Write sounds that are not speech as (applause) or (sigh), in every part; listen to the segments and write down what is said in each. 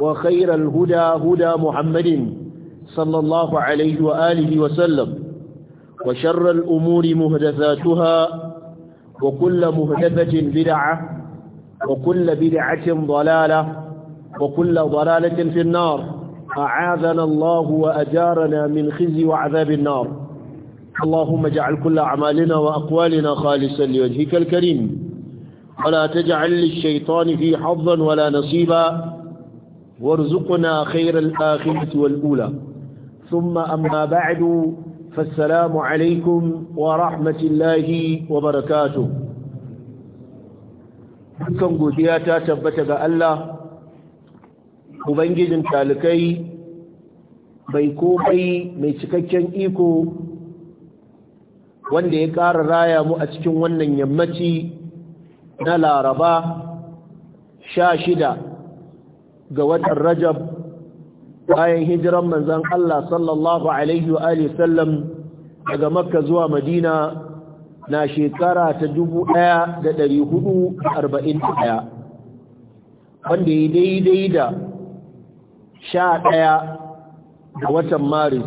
وخير الهدى هدى محمد صلى الله عليه وآله وسلم وشر الأمور مهدثاتها وكل مهدثة بدعة وكل بدعة ضلالة وكل ضلالة في النار أعاذنا الله وأجارنا من خزي وعذاب النار اللهم اجعل كل أعمالنا وأقوالنا خالصا لوجهك الكريم ولا تجعل للشيطان في حظا ولا نصيبا وارزقنا خير الآخرة والأولى ثم أما بعد فالسلام عليكم ورحمة الله وبركاته dukkan godiya ta tabbata ga Allah ubangijin talikai bai komai mai cikakken iko wanda ya ƙara raya mu a cikin wannan yammaci na laraba sha shida ga watan rajab bayan hijiran manzan Allah sallallahu alaihi wa alihi sallam daga makka zuwa madina na shekara ta 1441 wanda ya daidai da 11 ga watan maris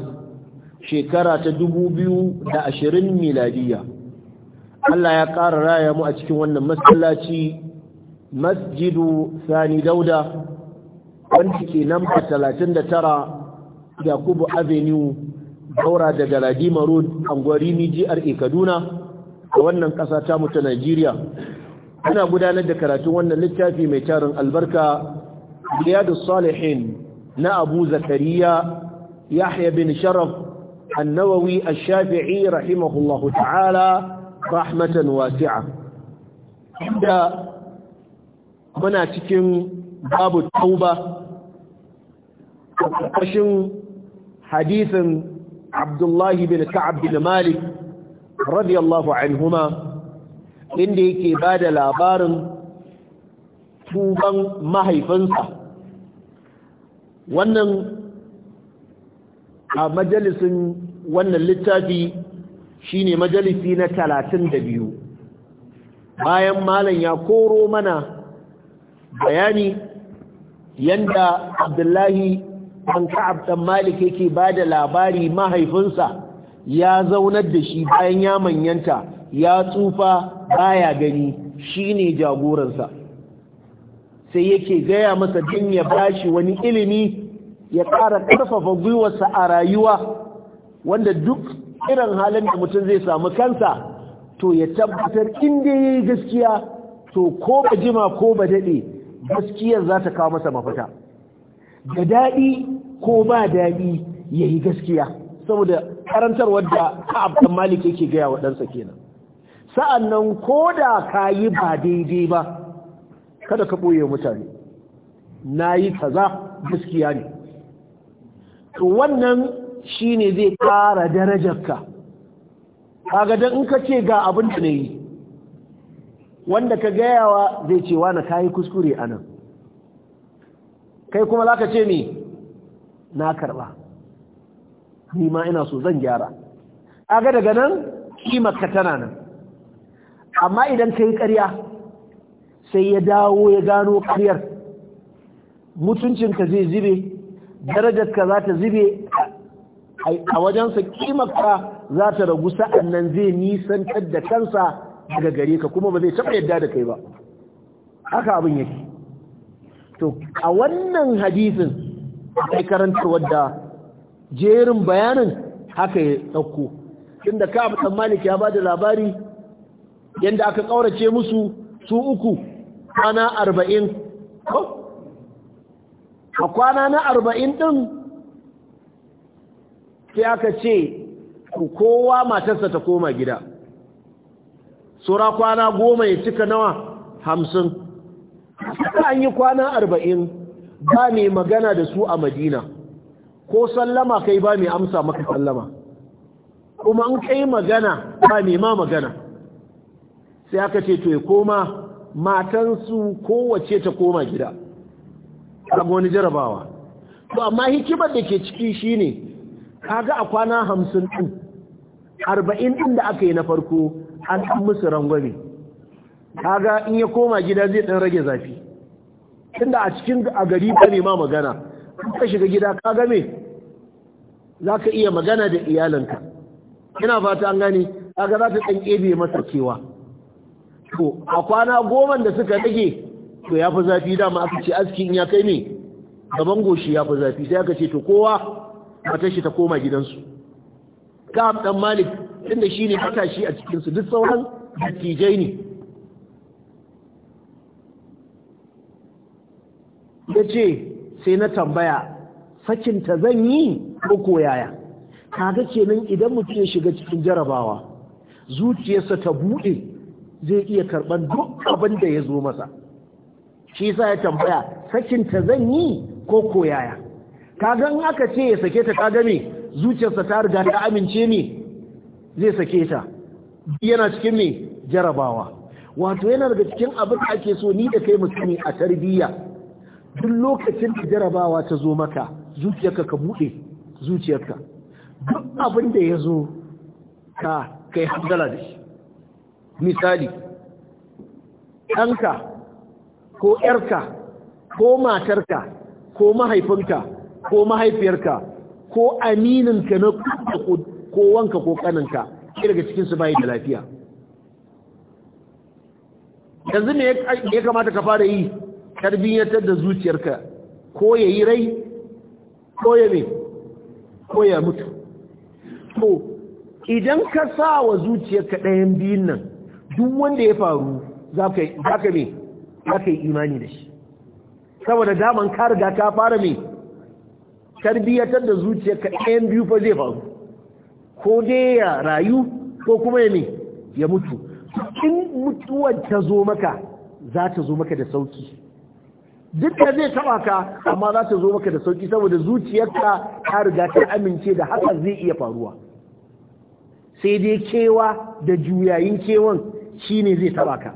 shekara ta 2020 miladiya Allah ya ƙara raya mu a cikin wannan masallaci masjidu sani dauda wanda ke namba 39 yakubu avenue daura da galadima road angwarimi jihar kaduna a wannan ƙasa ta mutu najeriya ana gudanar da karatun wannan littafi mai tarin albarka riyadu salihin na abu zakariya yahya bin sharaf النووي الشافعي رحمه الله تعالى رحمة واسعة عند muna cikin babu tauba ƙarƙashin hadisin abdullahi bin ka'ab bin malik radiyallahu anhuma inda yake ba da labarin tuban mahaifinsa wannan a majalisin wannan littafi shine majalisi na talatin da biyu bayan malam ya koro mana bayani yanda abdullahi an ka'ab malik yake ba da labari mahaifinsa ya zaunar da shi bayan ya manyanta ya tsufa baya gani shi ne jagoransa sai yake gaya masa din ya bashi wani ilimi ya ƙara ƙarfafa gwiwarsa a rayuwa wanda duk irin halin da mutum zai samu kansa to ya tabbatar inda ya yi gaskiya to ko ba jima ko ba daɗe gaskiyar za ta kawo masa mafita da daɗi ko ba daɗi ya yi gaskiya saboda karantar wadda ka'ab malik yake gaya wa ɗansa kenan sa'an nan ko da ka yi ba daidai ba kada ka ɓoye mutane na yi kaza gaskiya ne to wannan shi ne zai ƙara darajarka kaga don in ka ce ga abin da na yi wanda ka gayawa zai ce wani kayi kuskure a nan kai kuma za ka ce ni na karba ni ma ina so zan gyara aga daga nan kimarka tana nan amma idan ka yi karya, sai ya dawo ya gano ƙaryar mutuncinka zai zube darajarka za ta zibe a wajensa kimarka za ta ragu sa'an nan zai nisantar da kansa daga gare ka kuma ba zai taɓa yadda da kai ba haka abin yake to a wannan hadisin akwai karantarwar da jerin bayanin haka ya ɗauko inda ka abu malik ya ba da labari yanda aka ƙaurace musu su uku kwana arba'in a kwana na arba'in ɗin sai aka ce kowa matarsa ta koma gida sura kwana goma ya cika nawa hamsin an yi kwana arba'in ba mai magana da su a madina ko sallama kai ba mai amsa maka sallama kuma an kai magana ba mai ma magana sai aka ce to ya koma matansu kowace ta koma gida a wani jarabawa to amma hikimar da ke ciki shi shine kaga a kwana hamsin ɗin arba'in ɗin da aka yi na farko an ɗan musu rangwame kaga in ya koma gida zai ɗan rage zafi tunda a cikin a gari ba ne ma magana ka shiga gida ka game za ka iya magana da iyalanka yana fata an gane kaga za ta ɗan ebe masa kewa to a kwana goma da suka rage to ya fi zafi dama aka ce aski in ya kai ne gaban goshi ya fi zafi sai aka ce to kowa matashi ta koma gidansu ka dan malik tunda shi ne shi a cikinsu duk sauran dattijai ne ya ce sai na tambaya sakinta zan yi ko koyaya kaga kenan idan mutum ya shiga cikin jarabawa zuciyarsa ta buɗe zai iya karɓar duk abin da ya zo masa shi sa ya tambaya sakinta zan yi ko koyaya kaga in aka ce ya sake ta kaga me zuciyarsa ta riga ta amince ne zai sake ta yana cikin mai jarabawa wato yana daga cikin abin ake so ni da kai mutumi a tarbiyya duk lokacin da jarabawa ta zo maka zuciyarka ka buɗe zuciyarka duk abin da ya zo ka kai hangala da shi misali ɗanka ko ƴarka ko matarka ko mahaifinka ko mahaifiyarka ko amininka na kudu ko wanka ko kaninka ki daga cikin su da lafiya yanzu ne ya kamata ka fara yi tarbiyyatar da zuciyarka ko ya yi rai ko ya ne ko ya mutu to idan ka sa wa zuciyarka ɗayan biyun nan duk wanda ya faru za ka me za ka yi imani da shi saboda daman ka riga ka fara me tarbiyyatar da zuciyarka ɗayan biyu fa zai faru ko dai ya rayu ko kuma ya ne ya mutu in mutuwar ta zo maka za ta zo maka da sauki duk da zai taba ka amma za ta zo maka da sauki saboda zuciyarka ta riga ta amince da hakan zai iya faruwa sai dai kewa da juyayin kewan shi ne zai taba ka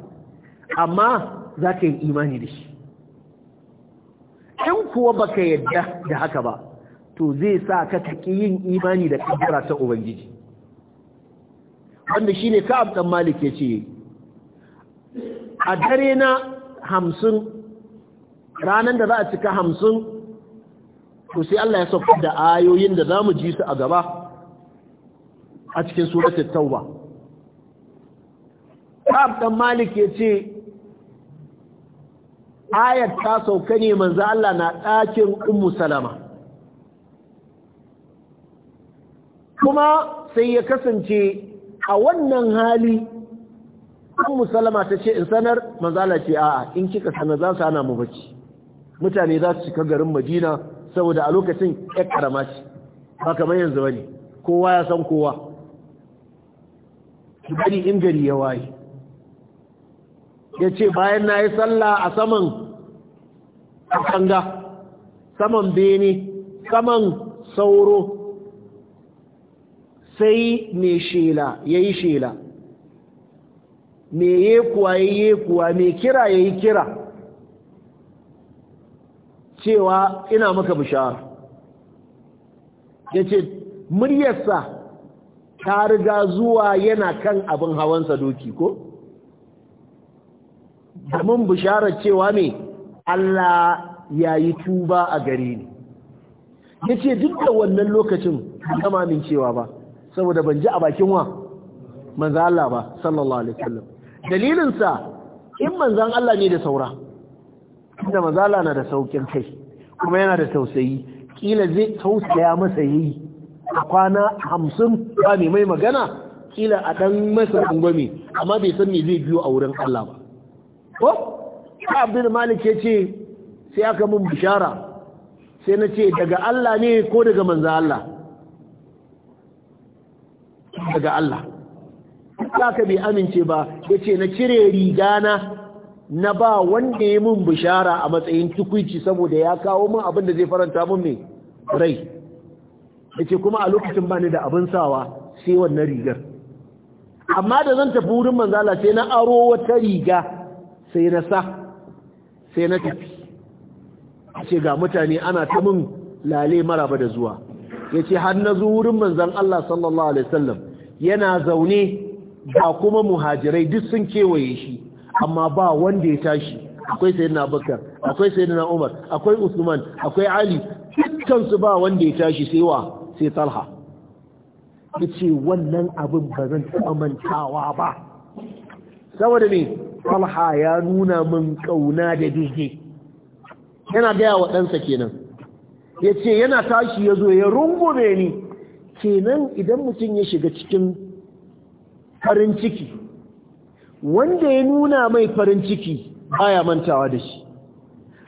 amma za ka yi imani da shi in kuwa baka yadda da haka ba to zai sa ka taƙi yin imani da kaddara ta ubangiji wanda shi ne ka abdan malik ce, a dare na hamsin ranar da za a cika hamsin to sai Allah ya sauƙi da ayoyin da za mu ji su a gaba a cikin suratun tauba Ka abdan Malik ce, ayat ta sauka ne manzo Allah na ɗakin Ummu Salama kuma sai ya kasance a wannan hali an musalama ta ce in sanar manzala ce a'a in kika sanar za su hana mu bacci mutane za su cika garin madina saboda a lokacin ya karama ce ba kamar yanzu bane kowa ya san kowa ki bari in gari ya waye ya ce bayan na yi sallah a saman kanga saman bene saman sauro sai me shela ya yi shela Me yekuwa ya yi yekuwa me kira ya yi kira cewa ina maka bishara ya ce muryarsa ta riga zuwa yana kan abin hawansa doki ko? domin bisharar cewa me. Allah ya yi tuba a gare ni ya ce duk da wannan lokacin kama min cewa ba saboda ban ji a bakin wa manzo Allah ba sallallahu alaihi wasallam dalilin in manzan Allah ne da saura inda manzo Allah na da saukin kai kuma yana da tausayi kila zai tausaya masa yi a kwana hamsin ba mai mai magana kila a dan masa ungwami amma bai san me zai biyo a wurin Allah ba ko Abdul Malik ya ce sai aka mun bishara sai na ce daga Allah ne ko daga manzo Allah daga Allah ka bai amince ba ya ce na cire riga na na ba wanda ya mun bishara a matsayin tukwici saboda ya kawo mun abin da zai faranta mun mai rai ya ce kuma a lokacin bani da abin sawa sai wannan rigar amma da zan tafi wurin manzala sai na aro wata riga sai na sa sai na tafi ce ga mutane ana ta mun lale maraba da zuwa ya ce har na zo wurin manzan Allah sallallahu Alaihi wasallam yana zaune ba kuma muhajirai duk sun kewaye shi amma ba wanda ya tashi akwai sayyidina Abubakar akwai sayyidina Umar akwai Usman akwai Ali dukkan ba wanda ya tashi sai wa sai Talha yace wannan abin ba zan taɓa mantawa ba saboda ne Talha ya nuna min kauna da dije yana gaya wa ɗansa kenan yace yana tashi ya zo ya rungume ni kenan idan mutum ya shiga cikin farin ciki wanda ya nuna mai farin ciki baya mantawa da shi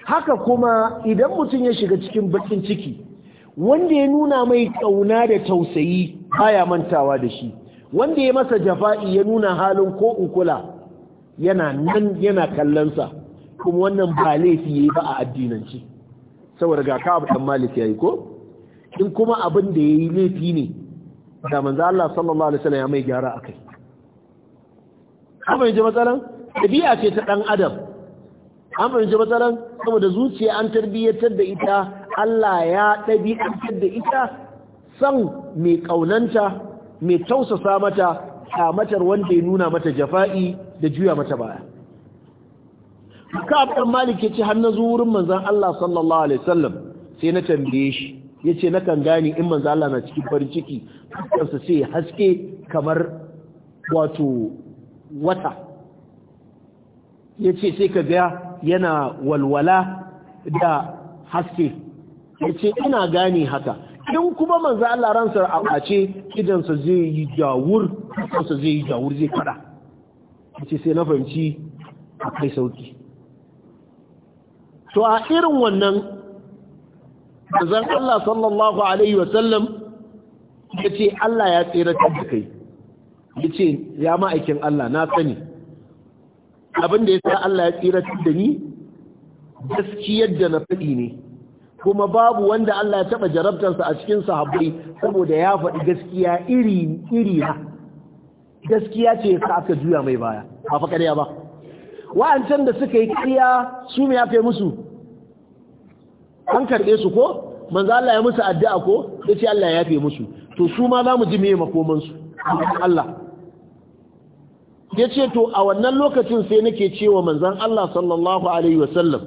haka kuma idan mutum ya shiga cikin bakin ciki wanda ya nuna mai kauna da tausayi baya mantawa da shi wanda ya masa jafa'i ya nuna halin ko ukula yana nan yana kallonsa kuma wannan ba laifi yi ba a addinanci saboda ga ka abu malik yayi ko in kuma abin da ya yi laifi ne da manzo Allah sallallahu alaihi wasallam ya mai gyara akai amma ji matsalan tabi'a ce ta dan adam amma yaji matsalan saboda zuciya an tarbiyyatar da ita Allah ya ɗabi'antar da ita san mai kaunanta mai tausasa mata kamatar wanda ya nuna mata jafa'i da juya mata baya ka abdan malik ya ce har na zuwurin wurin manzon Allah sallallahu alaihi wasallam sai na tambaye shi ya ce na kan gane in manzo Allah na cikin farin ciki fuskarsa sai haske kamar wato wata ya ce sai ka ga yana walwala da haske ya ce ina gane haka in kuma manzo Allah ransa a ɓace kidansa zai yi jawur fuskarsa zai yi jawur zai fada ya ce sai na fahimci akwai sauki to a irin wannan zan Allah sallallahu alaihi wasallam ce Allah ya tsira da kai Ya ce ya ma'aikin Allah na sani abin da sa Allah ya tsira da ni gaskiyar da na faɗi ne kuma babu wanda Allah ya taɓa jarabtansa a cikin sahabbai saboda ya faɗi gaskiya iri na gaskiya ce sa aka juya mai baya ba fa ba wa'ancan da suka yi kariya su me ya musu an karɓe su ko manzo Allah ya musu addu'a ko yace Allah ya yafe musu to su ma zamu ji meye makoman su Allah yace to a wannan lokacin sai nake cewa manzon Allah sallallahu alaihi wasallam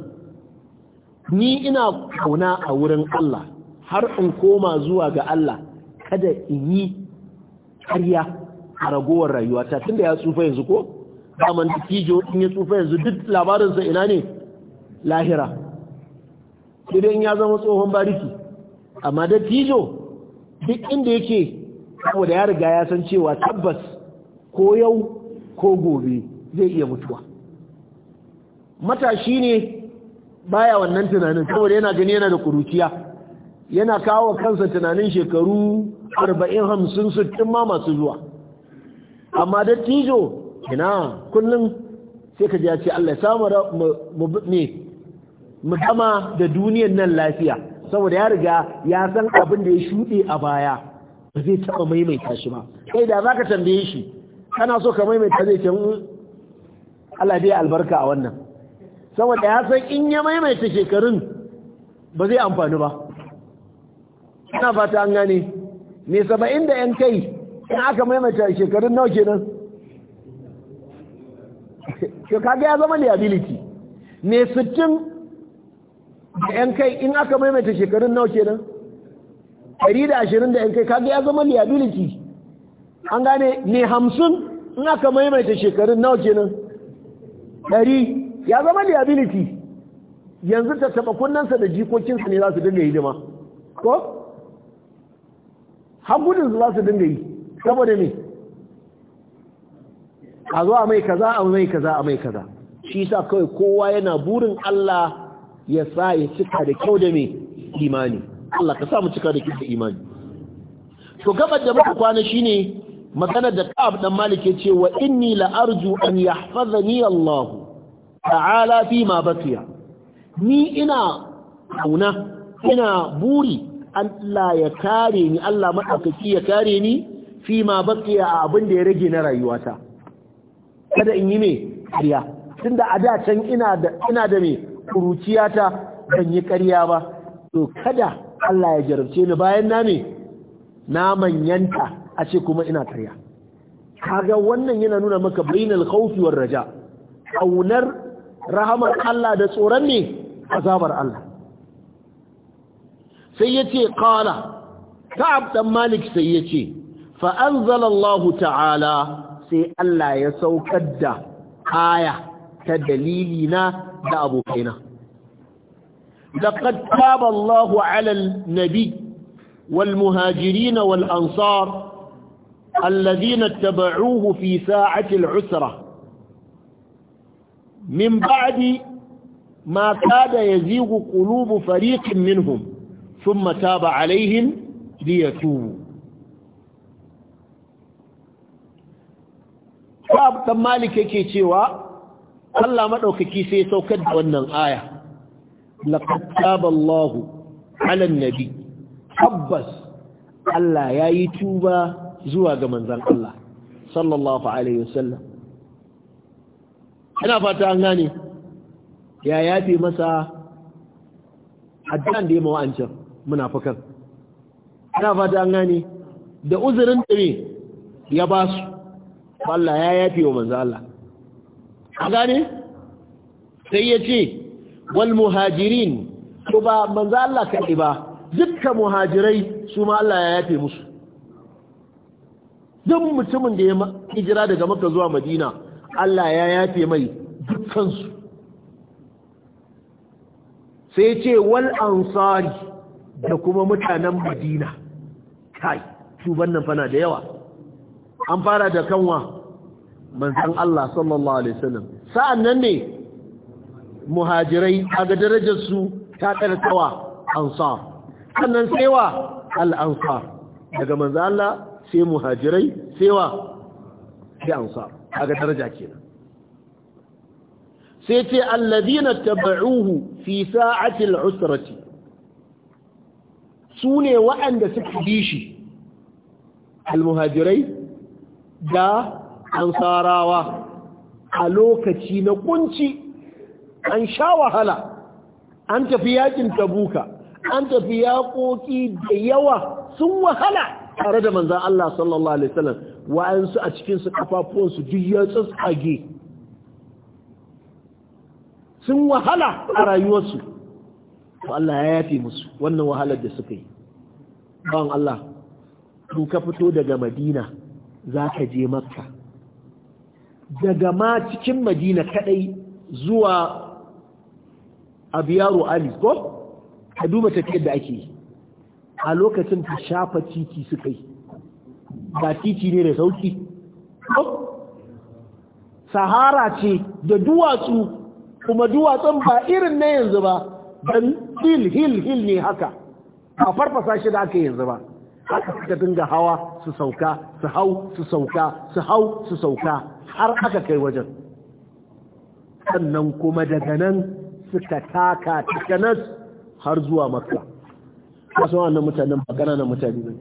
ni ina kauna a wurin Allah har in koma zuwa ga Allah kada in yi karya a ragowar rayuwata tunda ya tsufa yanzu ko daman tijo in ya tsufa yanzu duk labarinsa ina ne lahira idan ya zama tsohon bariki amma da tijo duk inda yake saboda ya riga ya san cewa tabbas ko yau ko gobe zai iya mutuwa matashi ne baya wannan tunanin saboda yana gani yana da kuruciya yana kawo kansa tunanin shekaru 40 hamsin tun ma masu zuwa amma da tijo ina kullum sai ka ji ya ce Allah ya samu ne mu zama da duniyan nan lafiya saboda ya riga ya san abin da ya shuɗe a baya ba zai taɓa maimaita shi ba kai da za ka tambaye shi kana so ka maimaita zai ce mm, Allah dai albarka a wannan saboda ya san in ya maimaita shekarun ba zai amfani ba ina fata an gane me saba'in da yan kai in aka maimaita shekarun nawa kenan to kaga ya zama liability me sittin da yan kai in aka maimaita shekarun nawa kenan ɗari da ashirin da yan kai kaga ya zama liability an gane ne hamsin in aka maimaita shekarun nawa kenan ɗari ya zama liability yanzu ta taɓa kunnansa da jikokinsa ne za su dinga hidima ko hagudinsu za su dinga yi saboda me a zo a mai kaza a mai kaza a mai kaza shi sa kawai kowa yana burin Allah ya sa ya cika da kyau da me imani Allah ka sa mu cika da kyau da imani to gabar da muka kwana shine maganar da Ka'ab dan Malik ya ce wa inni la arju an yahfazani Allah ta'ala fi ma baqiya ni ina kauna ina buri Allah ya kare ni Allah madaukaki ya kare ni fi ma baqiya a abin da ya rage na rayuwata kada in yi me kariya tunda a da can ina da ina da me kuruciyata ban yi karya ba to kada Allah ya jarabce ni bayan na ne na manyanta a ce kuma ina ƙarya kaga wannan yana nuna maka bainal khawfi war raja ƙaunar rahamar Allah da tsoron ne azabar Allah sai ce ƙala, ka'ab dan malik sai yace fa fa’an zalallahu ta'ala sai Allah ya saukar da kaya. ta dalili na da abokaina. da taɓa Allah wa nabi wal muhajiri wal ansar, allazina taɓa ruhu fi sa’akil usra. Min baɗi ma ta da ya zigu ƙulubu fariƙin minhum, sun mata ba alaihin liyatu. Ba abu ɗan malik yake cewa, Allah maɗaukaki sai saukar da wannan aya laqad taballahu 'ala nabi tabbas Allah yayi tuba zuwa ga manzon Allah sallallahu alaihi wasallam ina fata an gane ya yafe masa addan da ya mawa ancan munafikan ina fata an gane da uzurin da ya ba su Allah ya yafe wa manzon Allah gane sai ya ce wal muhajirin ko ba manzo Allah kaɗai ba dukkan muhajirai su ma Allah ya yafe musu duk mutumin da ya hijira daga Makka zuwa Madina Allah ya yafe mai dukkansu sai ce wal ansari da kuma mutanen Madina kai tuban nan fana da yawa an fara da kanwa manzon Allah sallallahu alaihi wasallam nan ne muhajirai kaga darajar su ta karkawa ansar sannan saiwa al-ansar daga manzon Allah sai muhajirai saiwa sai ansar ga daraja kenan sai ce alladina taba'uhu fi sa'ati al Su ne waɗanda suka bi shi al-muhajirai da ansarawa a lokaci na kunci an sha wahala an tafi yakin tabuka an tafi yaƙoƙi da yawa sun wahala tare da manzan Allah sallallahu Alaihi wasallam wa'ansu a cikinsu kafafuwansu duk ya sun wahala a rayuwarsu ko Allah ya yafe musu wannan wahalar da suka yi bawan Allah tun ka fito daga madina za ka je makka daga ma cikin madina kadai zuwa abiyaru ali ko ka tafiyar da ake a lokacin ta shafa titi suka yi ga titi ne da sauki sahara ce da duwatsu kuma duwatsun ba irin na yanzu ba don hil hil hil ne haka a farfasa shi da aka yanzu ba haka suka dinga hawa su sauka su hau su sauka su hau su sauka har aka kai wajen sannan kuma daga nan suka taka tikanas har zuwa makka kasu wannan mutanen ba na mutane ne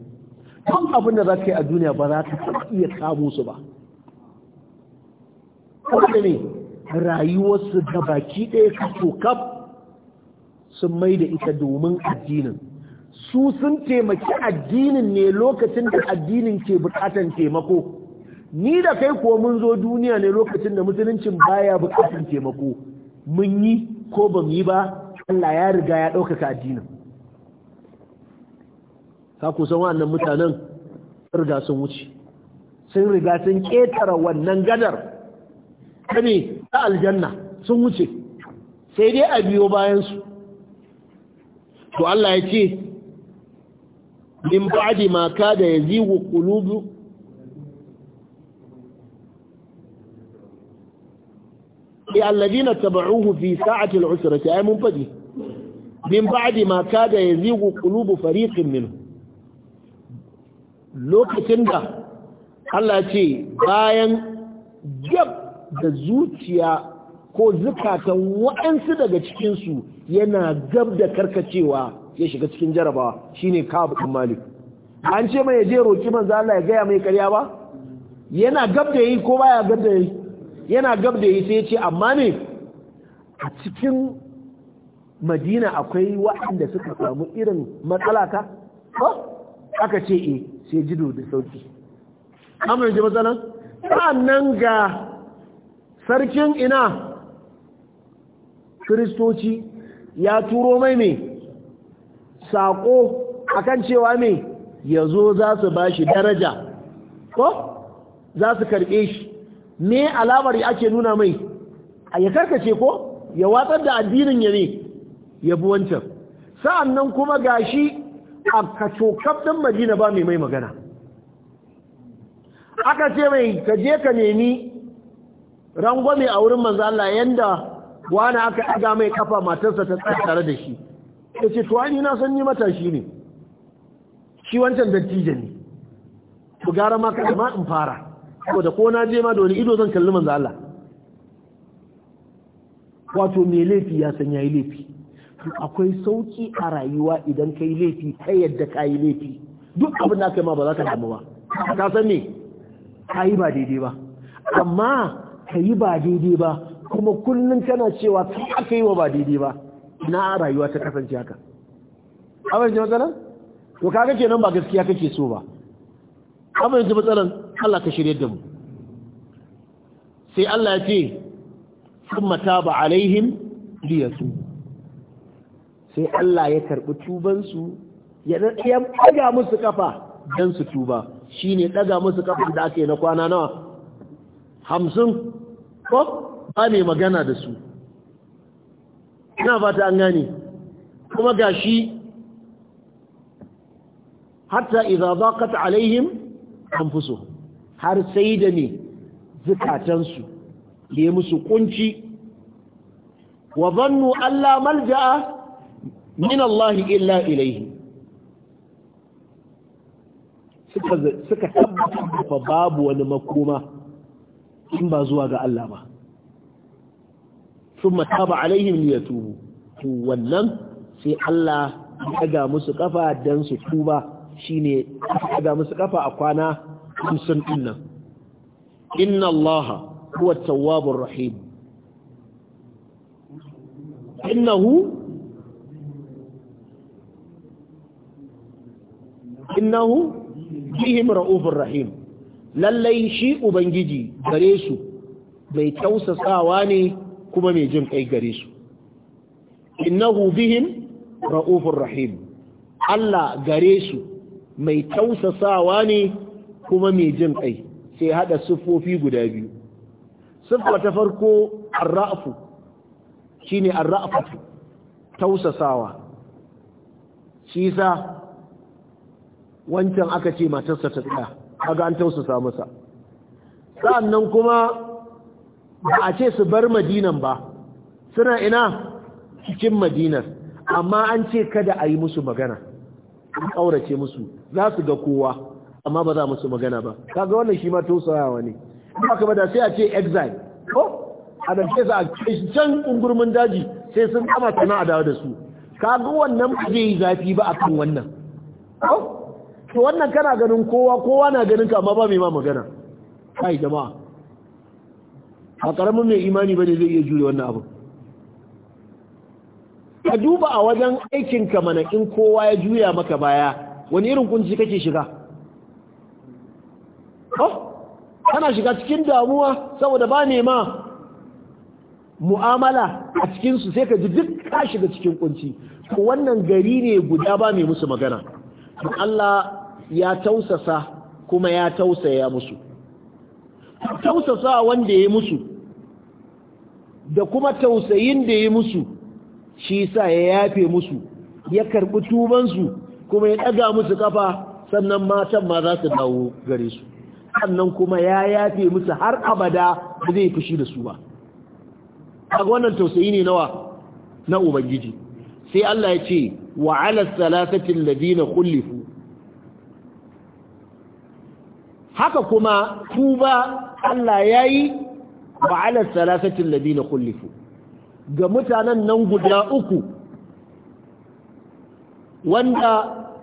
don abin da za ka a duniya ba za ka iya kamo su ba kawai ne rayuwarsu da baki ɗaya kaso kaf sun mai da ita domin addinin su sun taimaki addinin ne lokacin da addinin ke bukatan taimako ni da kai ko mun zo duniya ne lokacin da musuluncin baya bukatan taimako mun yi ko ba mu yi ba Allah ya riga ya ɗaukaka addinin ka kusan wannan mutanen riga sun wuce sun riga sun ƙetare wannan gadar ta ne ta aljanna sun wuce sai dai a biyo bayansu to Allah ya ce min ba'di ma kada yazigu qulubu ya alladhina tabauhu fi sa'ati al'usrati ay mun min ba'di ma kada yazigu qulubu fariqin minhu lokacin da Allah ce bayan gab da zuciya ko zukatan waɗansu daga cikinsu yana gab da karkacewa ya shiga cikin jarabawa shine Ka'ab bin Malik an ce mai je roki manzo Allah ya gaya mai karya ba yana gab da yi ko baya gab da yi yana gab da yi sai ce amma ne a cikin Madina akwai waɗanda suka samu irin matsala ka aka ce e sai jido da sauki amma ji matsalan sa'annan ga sarkin ina kristoci ya turo mai mai saƙo akan cewa me ya zo za su ba shi daraja ko za su karɓe shi me alamar ake nuna mai ya karkace ko ya watsar da addinin ya ne ya bi wancan Sa'annan kuma gashi a kacokaf ɗin madina ba mai mai magana aka ce mai ka je ka nemi rangwame a wurin manzo Allah yanda wani aka ɗaga mai kafa matarsa ta tsaya tare da shi ya ce tuwani na sanyi matashi ne shi wancan dattijo ne to gara ma kada ma in fara saboda ko na je ma da wani ido zan kalli manzo Allah wato mai laifi ya san yayi laifi akwai sauki a rayuwa idan kai laifi ta yadda kayi laifi duk abin da aka ma ba za ka damu ba ka san me yi ba daidai ba amma kayi ba daidai ba kuma kullum kana cewa ta aka yi wa ba daidai ba na rayuwa ta kasance haka abin ji matsalan to kaga kenan ba gaskiya kake so ba abin ji matsalan Allah ka shirye da mu sai Allah ya ce kuma taba alaihim liyasu sai Allah ya karbi tuban su ya ya daga musu kafa dan su tuba shine daga musu kafa da ake na kwana nawa 50 ko ba ne magana da su ina fata an gane kuma gashi hatta idza daqat alaihim so. har sai da ne zukatansu ke musu kunci wa zannu alla malja'a min Allah illa ilaihi suka tabbata babu wani makoma in ba zuwa ga Allah ba thumma taba alaihim liyatubu to wannan sai Allah ya ga musu kafa dan su tuba shine ya musu kafa a kwana 50 din inna Allah huwa tawwabur rahim innahu innahu bihim ra'ufur rahim lallai shi ubangiji gare su mai tausasawa ne kuma mai jin kai gare su innahu bihim ra'ufur rahim Allah gare su mai tausasawa ne kuma mai jin kai sai hada siffofi guda biyu siffa ta farko arrafu shine arrafatu tausasawa shi sa wancan aka ce matarsa ta tsaya kaga an tausasa masa sa'annan kuma ba a ce su bar madinan ba suna ina cikin madinar amma an ce kada a yi musu magana an ƙaurace musu za su ga kowa amma ba za musu magana ba kaga wannan shi ma tausayawa ne ba ka da sai a ce exile ko a su a can ƙungurmin daji sai sun kama tana a dawo da su kaga wannan ba zai yi zafi ba akan wannan ko to wannan kana ganin kowa kowa na ganin ka amma ba mai ma magana kai jama'a a ƙaramin mai imani ba ne zai iya jure wannan abu ka duba a wajen aikinka mana in kowa ya juya maka baya wani irin kunci kake shiga kana shiga cikin damuwa saboda ba ma mu'amala a cikinsu sai ka ji duk ka shiga cikin kunci wannan gari ne guda ba mai musu magana Allah ya tausasa kuma ya tausaya musu tausasa wanda ya musu da kuma tausayin da ya musu shi sa ya yafe musu ya karbi tubansu kuma ya ɗaga musu kafa sannan matan ma za su dawo gare su sannan kuma ya yafe musu har abada ba zai fushi da su ba a wannan tausayi ne nawa na ubangiji sai Allah ya ce wa ala salatatin ladina kullifu haka kuma tuba Allah ya yi ma'alar salasatin labi na kullifu ga mutanen nan guda uku wanda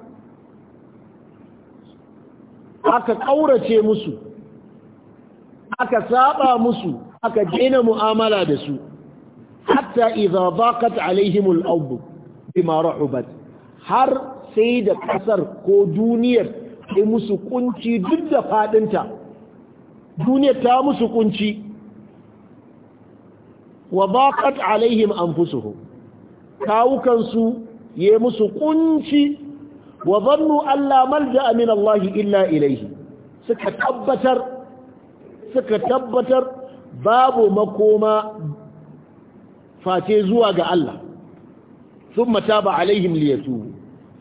aka ƙaurace musu aka saba musu aka daina mu'amala da su hatta iza bakat alaihim al-ard bima har sai da ƙasar ko duniyar sai musu kunci duk da faɗinta. duniyar ta musu kunci wa baqat alaihim Anfusuhu. kawukansu ya musu kunci wa zannu alla malja'a min Allah illa ilaihi suka tabbatar suka tabbatar babu makoma face zuwa ga Allah thumma taba alaihim liyatubu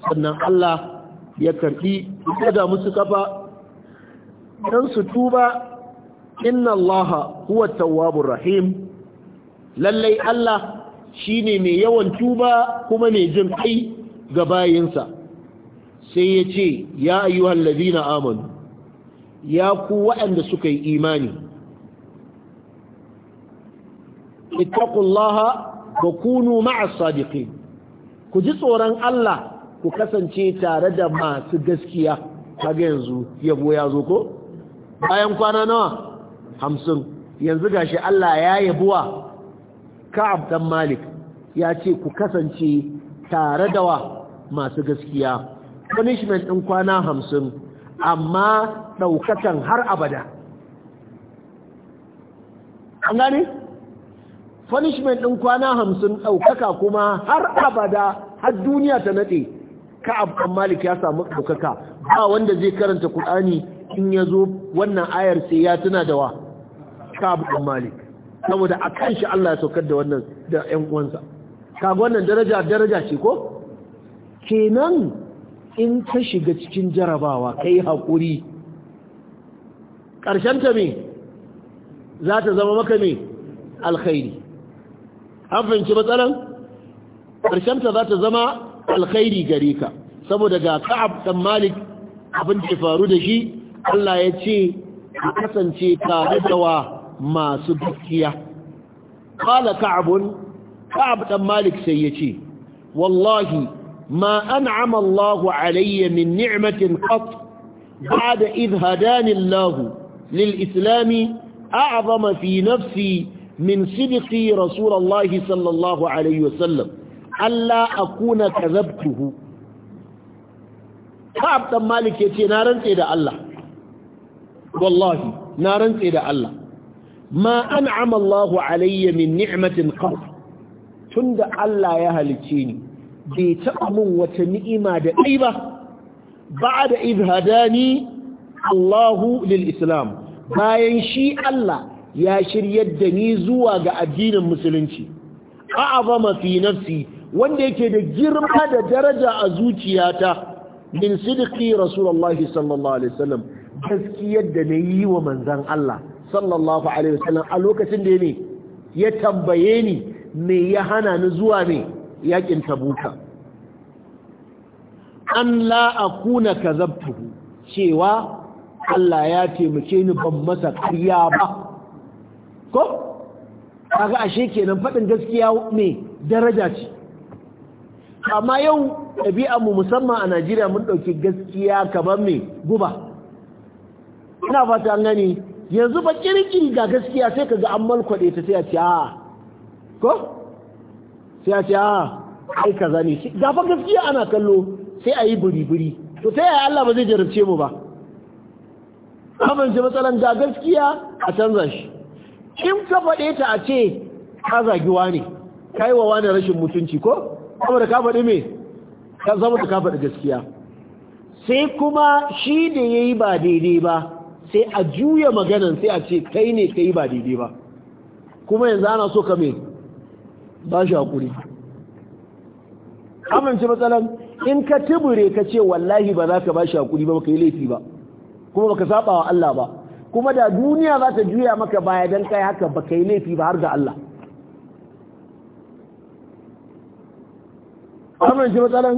sannan Allah ya karbi da musu kafa dan su tuba inna allaha huwa tawwabur rahim lallai Allah shine mai yawan tuba kuma mai jin kai ga bayinsa sai ya ce ya ayyuhal ladina amanu ya ku waɗanda suka yi imani ittaqullaha wa kunu ma'as sadiqin ku ji tsoron Allah ku kasance tare da masu gaskiya kaga yanzu yabo ya zo ko bayan kwana nawa hamsin yanzu gashi Allah ya yabuwa ka'ab dan malik ya ce ku kasance tare da wa masu gaskiya punishment ɗin kwana hamsin amma ɗaukatan har abada an gani? punishment ɗin kwana hamsin ɗaukaka kuma har abada har duniya ta naɗe ka'ab dan malik ya samu ɗaukaka ba wanda zai karanta Kur'ani in ya zo wannan ayar sai ya tuna da wa kabu ɗan Malik saboda a kan shi Allah ya saukar da wannan da ƴan uwansa ga wannan daraja daraja ce ko kenan in ka shiga cikin jarabawa yi haƙuri. ƙarshen ta me za ta zama maka me alkhairi an fahimci matsalan ƙarshen ta za ta zama alkhairi gare ka saboda ga Ka'ab dan Malik abin da ya faru da shi Allah ya ce kasance tare da wa masu gaskiya qala ka'bun ka'ab dan malik sai yace wallahi ma an'ama Allahu alayya min ni'matin qat ba'da idh hadani Allahu a islami a'zama fi nafsi min sidiki rasulullahi sallallahu alayhi wasallam allah akuna kadhabtuhu ka'ab dan malik yace na rantse da Allah wallahi na rantse da Allah ma an Allahu alayya min ni'matin qat tunda Allah ya halice ni bai taɓa mun wata ni'ima da ɗai ba ba'da idhadani Allahu lil Islam bayan shi Allah ya shiryar da ni zuwa ga addinin musulunci a'azama fi nafsi wanda yake da girma da daraja a zuciyata min sidqi rasulullahi sallallahu alaihi wasallam gaskiyar da nayi wa manzon Allah sallallahu alaihi wasallam a lokacin da ne ya tambaye ni me ya hana ni zuwa ne yakin tabuka an la akuna kazabtu cewa Allah ya taimake ni ban masa ƙarya ba ko kaga ashe kenan faɗin gaskiya ne daraja ce amma yau ɗabi'a mu musamman a Najeriya mun ɗauki gaskiya kaban mai guba ina fata gani yanzu ba kirki ga gaskiya sai ka ga an malkwaɗe ta sai a ce a ah. ko sai a ce a ah, ai kaza ne ga fa gaskiya ana kallo sai a yi buri-buri to a yaya Allah ba zai jarabce mu ba ce matsalan ga gaskiya a canza shi in ka faɗe ta a ce ka zagiwa ne ka yi wa wani rashin mutunci ko saboda ka faɗi me ka zama da ka faɗi gaskiya sai kuma shi da ya yi ba daidai ba sai a juya maganan sai a ce kai ne kai ba daidai ba kuma yanzu ana so ka mai ba shi hakuri amince matsalan in ka tubure ka ce wallahi ba za ka ba shi hakuri ba ka yi laifi ba kuma ba ka saba wa Allah ba kuma da duniya za ta juya maka baya don kai haka ba ka yi laifi ba har ga Allah amince matsalan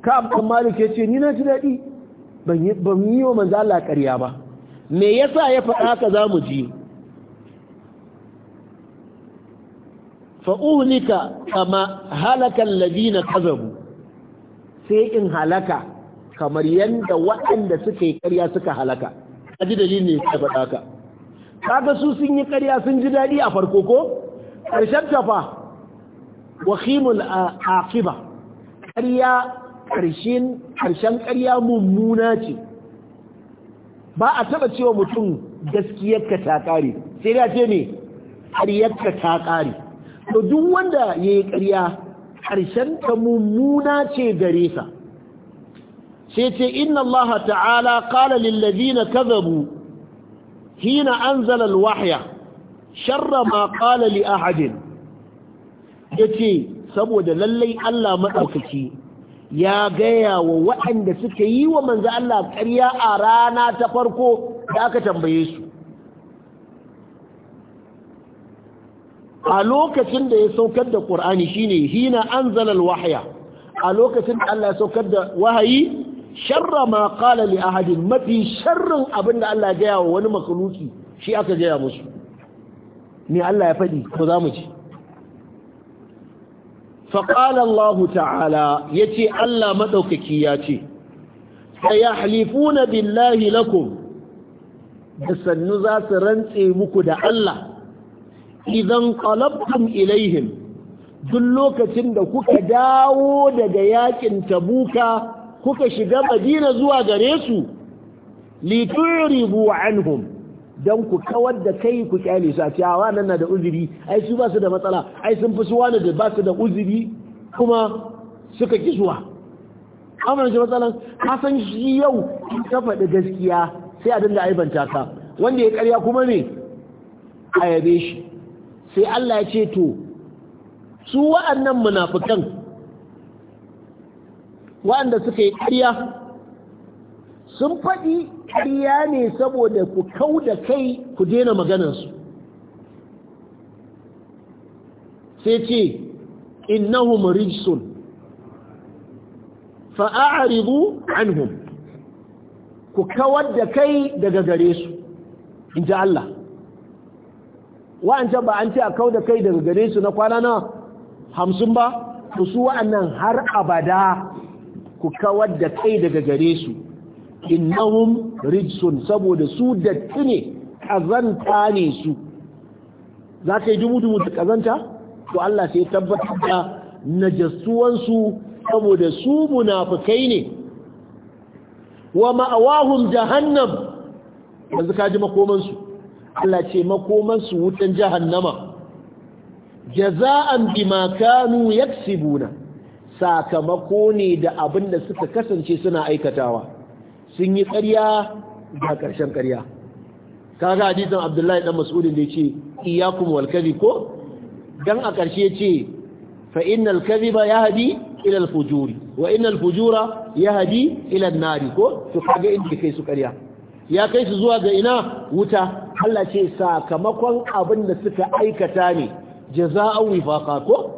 ka abin malik ya ce ni na ji daɗi ba mu yi wa Manzala Allah ƙarya ba me yasa ya faɗa haka za mu ji fa'uhlika kama halakan ladina kazabu sai in halaka kamar yadda waɗanda suka yi ƙarya suka halaka a ji dalilin ne ya faɗa ka kaga su sun yi ƙarya sun ji daɗi a farko ko ƙarshen tafa wakimul aqiba ƙarya ƙarshen ƙarya mummuna ce ba a taɓa cewa mutum gaskiyarka ta ƙare sai da ce ne ƙaryarka ta ƙare to duk wanda ya yi ƙarya ƙarshen ta mummuna ce gare sa sai ce inna Allah ta'ala qala lil ladina kadhabu hina anzala al wahya sharra ma qala li ahadin yace saboda lallai Allah madaukaki ya gaya wa waɗanda suka yi wa manzo Allah ƙarya a rana ta farko da aka tambaye su a lokacin da ya saukar da ƙur'ani shine hina anzalal wahya a lokacin da Allah ya saukar da wahayi sharra ma qala li ahadin mafi sharrin abin da Allah ya gaya wa wani makhluki shi aka gaya musu me Allah ya faɗi ko za mu ji faƙala ta’ala ya ce Allah maɗaukaki ya ce, Saya halifu na billahi lakum, da sannu za su rantse muku da Allah, idan ƙalabtum ilaihim, duk lokacin da kuka dawo daga yakin buka kuka shiga madina zuwa gare su, li turi anhum. anhum. don ku kawar da kai ku kyale su a cewa nan na da uzuri ai su ba su da matsala ai sun fi suwa da ba su da uzuri kuma suka ki zuwa amma shi matsalan ka san shi yau ka faɗi gaskiya sai a dinga aibanta ka wanda ya karya kuma ne ayabe shi sai Allah ya ce to su wa'annan munafikan wa'anda suka yi karya sun faɗi ƙarya ne saboda ku kau da kai ku daina maganarsu sai ce innahum rijsun fa'a'ridu anhum ku kawar da kai daga gare su in ji Allah wa'ancan ba an ce a kau da kai daga gare su na kwana na hamsin ba ku su wa'annan har abada ku kawar da kai daga gare su innahum rijsun saboda su datti ne kazanta ne su za ka yi dubu-dubu da kazanta to Allah sai tabbatar da najasuwansu saboda su munafukai ne wa ma'awahum jahannam yanzu ka ji makomansu Allah ce makomansu wutan jahannama jaza'an bima kanu yaksibuna sakamako ne da abin da suka kasance suna aikatawa sun yi ƙarya ga ƙarshen ƙarya kaga hadisin abdullahi dan mas'udin da yace iyyakum wal kadhib ko dan a ƙarshe ce, fa innal ba ya ila ilal fujuri wa innal fujura ya hadi, ilal nari, ko to kaga inda kai su ƙarya ya kai su zuwa ga ina wuta Allah ce sakamakon abin da suka aikata ne jaza'u wifaqa ko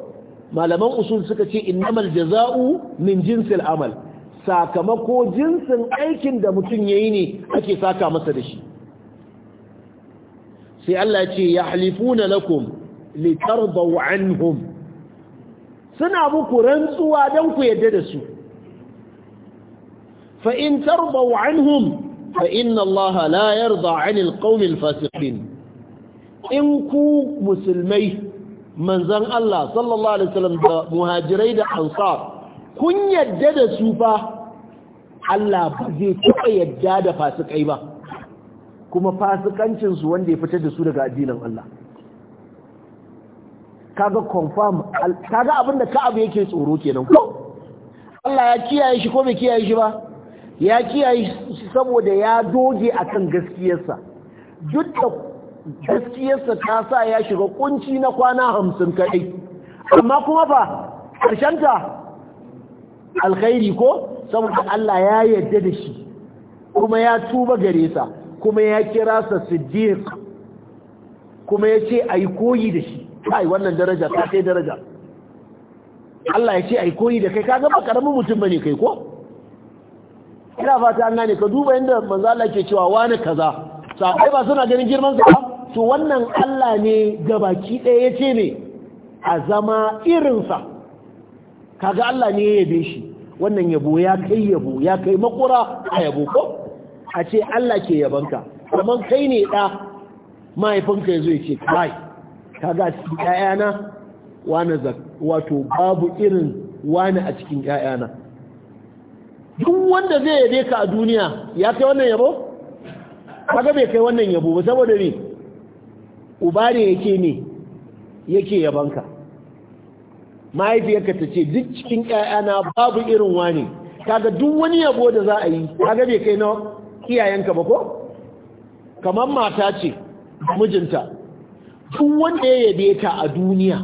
malaman usul suka ce innamal jaza'u min jinsil amal sakamako jinsin aikin da mutum yayi ne ake saka masa da shi sai Allah ce ya na lakum litardaw hum. suna muku rantsuwa don ku yadda da su fa in tardaw anhum fa inna Allah la yarda 'anil qawmil in ku musulmai manzon Allah sallallahu alaihi wasallam da muhajirai da ansar kun yadda da su fa Allah ba zai taɓa yadda da fasikai ba kuma fasikancinsu wanda ya fita da su daga addinin Allah kaga confirm kaga abinda abu yake tsoro kenan ko Allah ya kiyaye shi ko bai kiyaye shi ba ya kiyaye shi saboda ya doge akan gaskiyarsa duk da gaskiyarsa ta sa ya shiga kunci na kwana hamsin kaɗai amma kuma fa ta. alkhairi ko saboda Allah ya yarda da shi kuma ya tuba gare sa kuma ya kira sa siddiq kuma ya ce ai koyi da shi kai wannan daraja ta kai daraja Allah ya ce ai koyi da kai kaga ba karamin mutum bane kai ko ina fata an gane ka duba inda manzo Allah ke cewa wani kaza sabai ba suna ganin girman sa to wannan Allah ne gabaki ɗaya ce ne a zama irin sa. kaga Allah ne ya yabe shi wannan yabo ya kai yabo ya kai makura a yabo ko a ce Allah ke yabanka kamar kai ne ɗa mahaifinka ya zo ya ce kai kaga cikin ƴaƴana wani wato babu irin wani a cikin ƴaƴana duk wanda zai yabe ka a duniya ya kai wannan yabo kaga bai kai wannan yabo ba saboda ne ubare yake ne yake yabanka mahaifiyarka ta ce duk cikin ƴaƴana babu irin wani kaga duk wani yabo da za a yi kaga bai kai na iyayenka ba ko kamar mata ce mijinta duk wanda ya yabe ta a duniya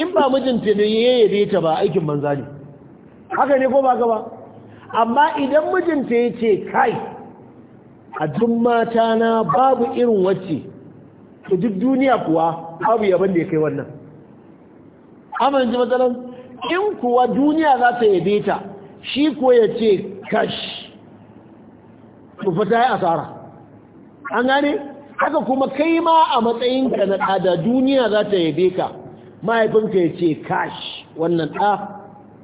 in ba mijinta ne ya yabe ta ba aikin banza ne haka ne ko ba gaba? amma idan mijinta ya ce kai a duk mata na babu irin wacce to duk duniya kuwa babu yaban da ya kai wannan amma ji matsalan in kuwa duniya za ta yabe ta shi ko ya ce kash tufa ta yi asara an gane haka kuma kai ma a matsayinka na ɗada duniya za ta yabe ka mahaifinka ya ce kash wannan ɗa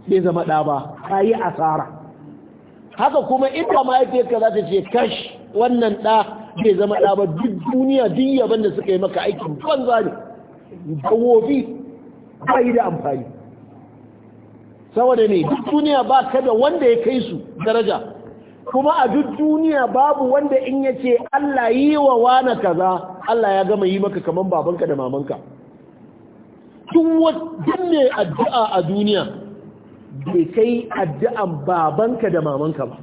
bai zama ɗa ba ta yi asara haka kuma ita mahaifiyarka za ta ce kash wannan ɗa bai zama ɗa ba duk duniya duk yaban da suka yi maka aikin banza ne dawofi ba yi da amfani saboda ne duk duniya ba ka da wanda ya kai su daraja kuma a duk duniya babu wanda in ya ce Allah yi wa wana kaza Allah ya gama yi maka kaman babanka da mamanka Tun wajen ne addu'a a duniya bai kai addu'an babanka da mamanka ba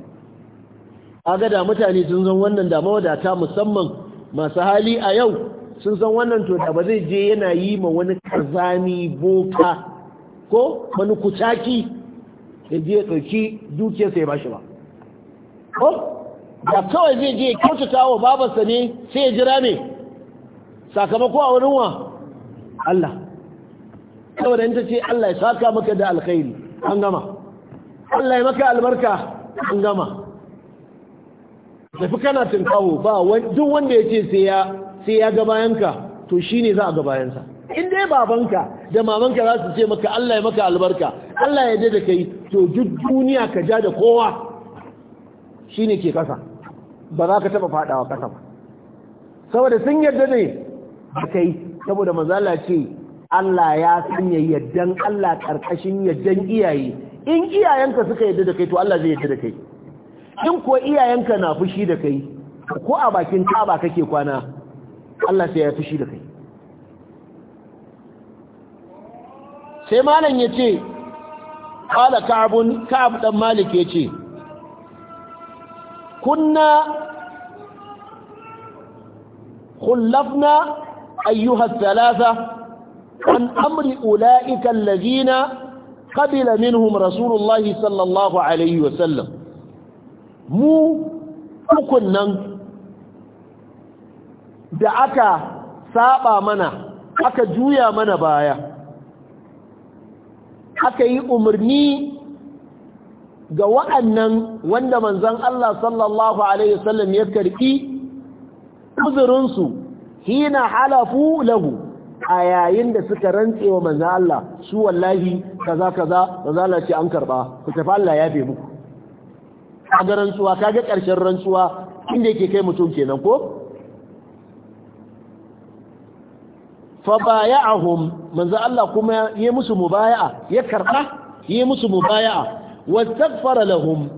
Agada gada mutane sun zan wannan da mawadata musamman masu hali a yau sun san wannan to da ba zai je yana yi ma wani karzami boka ko wani kucaki ya je ya ɗauki dukiyarsa ya bashi ba ko da kawai zai je kyautata wa babarsa ne sai ya jira ne sakamako a wurin wa Allah kawai da ta ce Allah ya saka maka da alkhairi an gama Allah ya maka albarka an gama tafi kana tunkawo ba duk wanda ya ce sai ya sai ya ga bayanka to shi ne za a ga bayansa in dai babanka da mamanka za su ce maka Allah ya maka albarka Allah ya da kai to duk duniya ka ja da kowa shi ne ke kasa ba za ka taba fadawa kasa ba saboda sun yarda ne da kai saboda mazala ce Allah ya sanya yaddan Allah karkashin yaddan iyaye in iyayenka suka yarda da kai to Allah zai yarda da kai in ko iyayenka na fushi da kai ko a bakin kaba kake kwana Allah sai ya fushi da kai sai malam ya ce ƙala ka'abun ka'ab ɗan malik ya ce kunna kullafna ayyuhar talata an amri ula'ikan lazina ƙabila minhum rasulullahi sallallahu alaihi wasallam mu ukun nan da aka saba mana aka juya mana baya aka yi umarni ga wa'annan wanda manzan Allah sallallahu Alaihi wasallam ya karɓi uzurinsu hina halafu lagu a yayin da suka rantse wa manzan Allah su wallahi kaza kaza da ce an karɓa ku tafi Allah ya muku a ga rantsuwa kaga ƙarshen rantsuwa inda yake kai mutum kenan ko fa baya'ahum manzo Allah kuma yi musu mubaya'a ya karɓa? yi musu mubaya'a wastaghfara lahum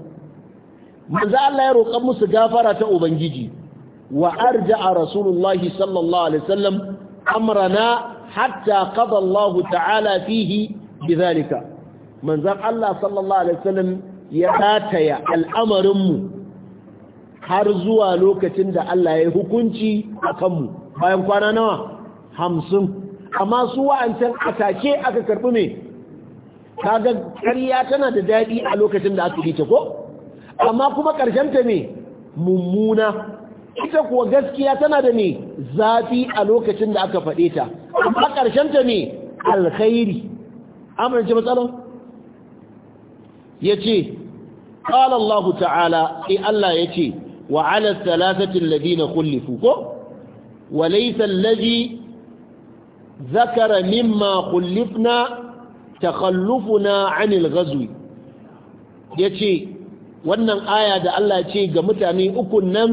manzo Allah ya roƙa musu gafara ta ubangiji wa arja'a rasulullahi sallallahu alaihi wasallam amrana hatta qada Allah ta'ala fihi bidhalika manzo Allah sallallahu alaihi wasallam ya rataya al'amarinmu har zuwa lokacin da Allah ya hukunci a mu bayan kwana nawa hamsin amma su wa'ancan atake aka karbi ne kaga ƙarya tana da daɗi a lokacin da aka yi ko amma kuma ta ne mummuna ita kuwa gaskiya tana da ne zafi a lokacin da aka faɗe ta amma ta ne alkhairi amince matsalar ya ce ƙalallahu ta'ala sai Allah ya ce wa ala salasatin ladina kullifu ko وليس الذي ذكر مما خلفنا تخلفنا عن الغزو yace wannan aya da Allah ce ga mutane ukun nan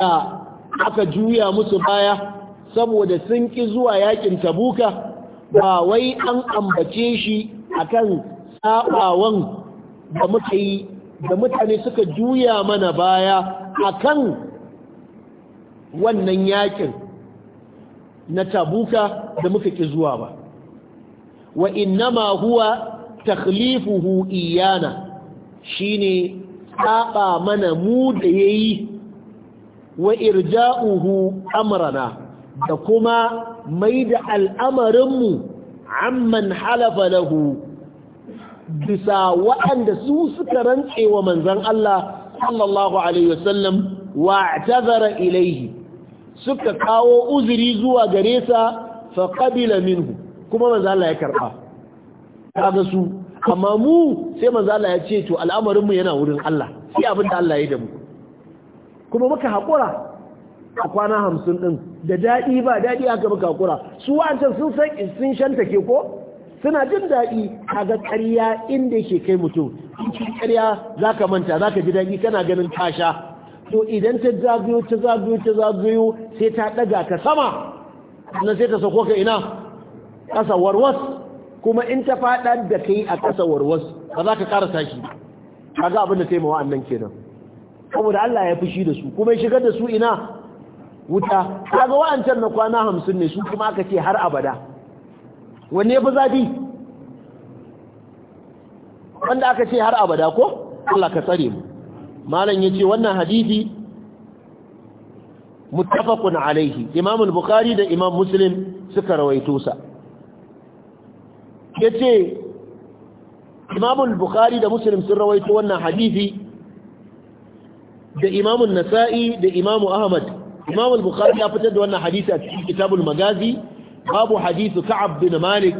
da aka juya musu baya saboda sun ƙi zuwa yakin tabuka ba wai an ambace shi akan sabawan da muka yi da mutane suka juya mana baya akan wannan yakin na tabuka da muka ƙi zuwa ba wa innama huwa takhlifuhu iyana shine saba mana mu da yayi wa irja'uhu amrana da kuma mai da al'amarinmu amman halafa lahu bisa waɗanda su suka rantse wa manzan Allah sallallahu Alaihi wasallam wa tazara ilaihi suka kawo uzuri zuwa gare sa fa qabila minhu kuma manzo Allah ya karba kaga su amma mu sai manzo Allah ya ce to al'amarin mu yana wurin Allah sai abin da Allah ya yi da mu kuma muka hakura a kwana hamsin ɗin da daɗi ba daɗi aka muka hakura su wancan sun san sun shanta ke ko suna jin daɗi kaga ƙarya inda yake kai mutum in ƙarya zaka manta zaka ji daɗi kana ganin tasha to idan ta zagayo ta zagayo ta zagayo sai ta daga ka sama sannan sai ta sako ka ina ƙasa warwas kuma in ta faɗa da kai a ƙasa warwas ba za ka ƙarasa shi kaga abin da taimawa annan kenan saboda Allah ya fushi da su kuma ya shigar da su ina wuta kaga wa'ancan na kwana hamsin ne su kuma aka ce har abada wanne fi zafi wanda aka ce har abada ko Allah ka tsare mu malam yace wannan hadisi muttafaqun alaihi imam al-bukhari da imam muslim suka rawaito sa yace imam al-bukhari da muslim sun rawaito wannan hadisi da imam an-nasa'i da imam ahmad imam al-bukhari ya fitar da wannan hadisi a cikin kitabul magazi babu hadisi ka'ab bin malik